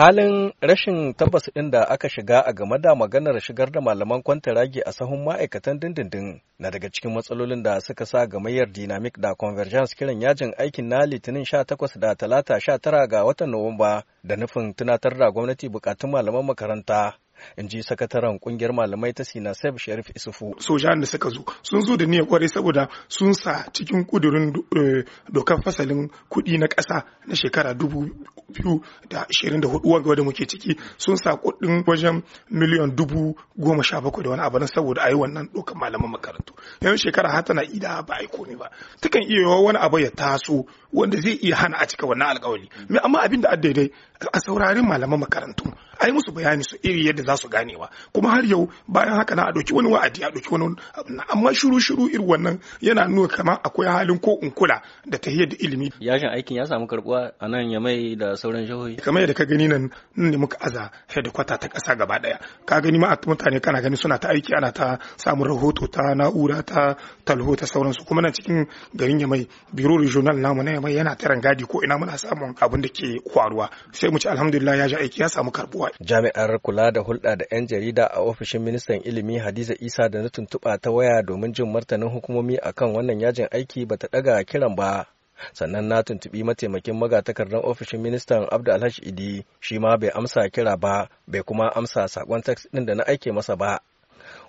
halin rashin tabbas ɗin da aka shiga a game da maganar shigar da malaman kwantaragi a sahun ma'aikatan dindindin na daga cikin matsalolin da suka sa gamayyar dynamic da convergence kiran yajin aikin na litinin Sha takwas da talata sha tara ga watan nuwamba da nufin tunatar da gwamnati bukatun malaman makaranta in ji sakataren kungiyar malamai ta sina sef sharif isufu sojan da suka zo sun zo da niyyar kwarai saboda sun sa cikin kudurin eh, dokar fasalin kuɗi na kasa na shekara dubu biyu da ashirin da hudu wanga da muke ciki sun sa kuɗin wajen miliyan dubu goma sha bakwai da wani abu saboda a yi wannan dokar malaman makarantu yanzu shekara har tana ida ba a yi komai ba takan iya yawa wani abu ya taso wanda zai iya hana a cika wannan alkawari me amma abin da a daidai a saurari malaman makarantu a yi musu bayani su iri yadda za su ganewa kuma har yau bayan haka na a ɗauki wani wa'adi a ɗauki wani amma shiru shiru irin wannan yana nuna kamar akwai halin ko in kula da ta da ilimi yashin aikin ya samu karbuwa a nan ya mai da sauran jihohi kamar yadda ka gani nan nan ne muka aza hedikwata ta kasa gaba ɗaya ka gani ma mutane kana gani suna ta aiki ana ta samun rahoto ta na'ura ta talho ta sauransu kuma nan cikin garin ya mai biro regional namu na mai yana gadi ko ina muna samun abin da ke kwaruwa sai mu ci alhamdulillah ya ji aiki ya samu karbuwa jami'ar kula da hulɗa da 'yan jarida a ofishin ministan ilimi hadiza isa da na tuntuɓa ta waya domin jin martanin hukumomi akan wannan yajin aiki bata ɗaga kiran ba sannan na tuntuɓi mataimakin magatakardar ofishin ministan abdu alhaji idi shi ma bai amsa kira ba bai kuma amsa sakon text ɗin da na aike masa ba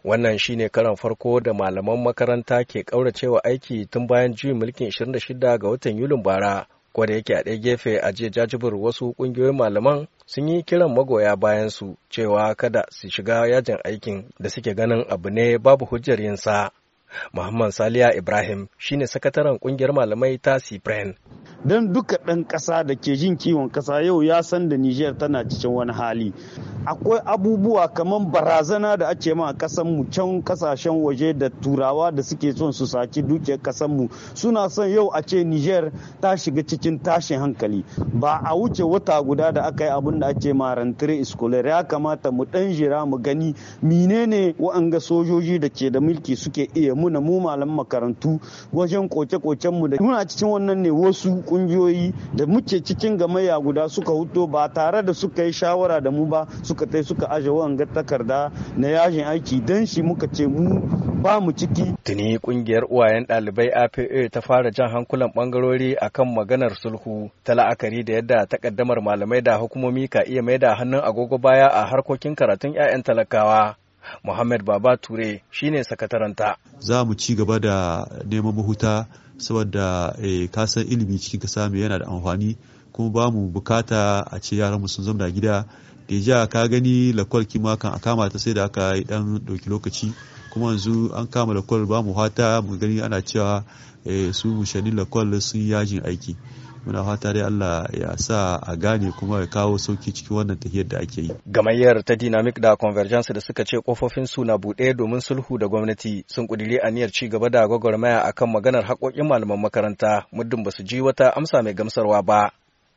wannan shine karan farko da malaman makaranta ke ƙauracewa aiki tun bayan juyin mulkin 26 ga watan yulin bara ko da yake a ɗaya gefe a jiya jajibir wasu ƙungiyoyin malaman sun yi kiran magoya bayan su cewa kada su shiga yajin aikin da suke ganin abu ne babu hujjar yin sa Muhammad Saliya Ibrahim shine sakataren ƙungiyar malamai ta cipren Don duka ɗan ƙasa da ke jin kiwon ƙasa yau ya san da Nijar tana cikin wani hali. akwai abubuwa kamar barazana da ake ma kasan mu can kasashen waje da turawa da suke son su saci dukiyar kasan mu suna son yau a ce Niger ta shiga cikin tashin hankali ba a wuce wata guda da aka yi abin da ake ma rantire iskolar ya kamata mu dan jira mu gani menene wa'anga sojoji da ke da mulki suke iya muna mu malam makarantu wajen koke-koken mu da muna cikin wannan ne wasu kungiyoyi da muke cikin gamayya guda suka huto ba tare da suka yi shawara da mu ba suka tai suka aje wanga takarda na yajin aiki dan shi muka ce mu ba mu ciki. Tuni kungiyar uwayen ɗalibai APA ta fara jan hankulan bangarori akan maganar sulhu ta la'akari da yadda takaddamar malamai da hukumomi ka iya mai da hannun agogo baya a harkokin karatun 'ya'yan talakawa. Muhammad Baba Ture shine sakataranta. Za mu ci gaba da neman mahuta saboda eh, kasan ilimi cikin kasa mai yana da amfani kuma ba mu bukata a ce yaranmu sun zama gida deja ka gani lakwal kima kan a kama ta sai da aka yi dan ɗauki lokaci kuma yanzu an kama lakwal ba mu hata mu gani ana cewa eh, su mushanin lakwal sun yajin aiki muna fata dai Allah ya sa a gane kuma ya kawo sauki cikin wannan tafiyar da ake yi. Gamayyar ta Dynamic da Convergence da suka ce kofofin su na buɗe domin sulhu da gwamnati sun a aniyar ci gaba da gwagwarmaya akan maganar haƙoƙin malaman makaranta muddin basu su ji wata amsa mai gamsarwa ba.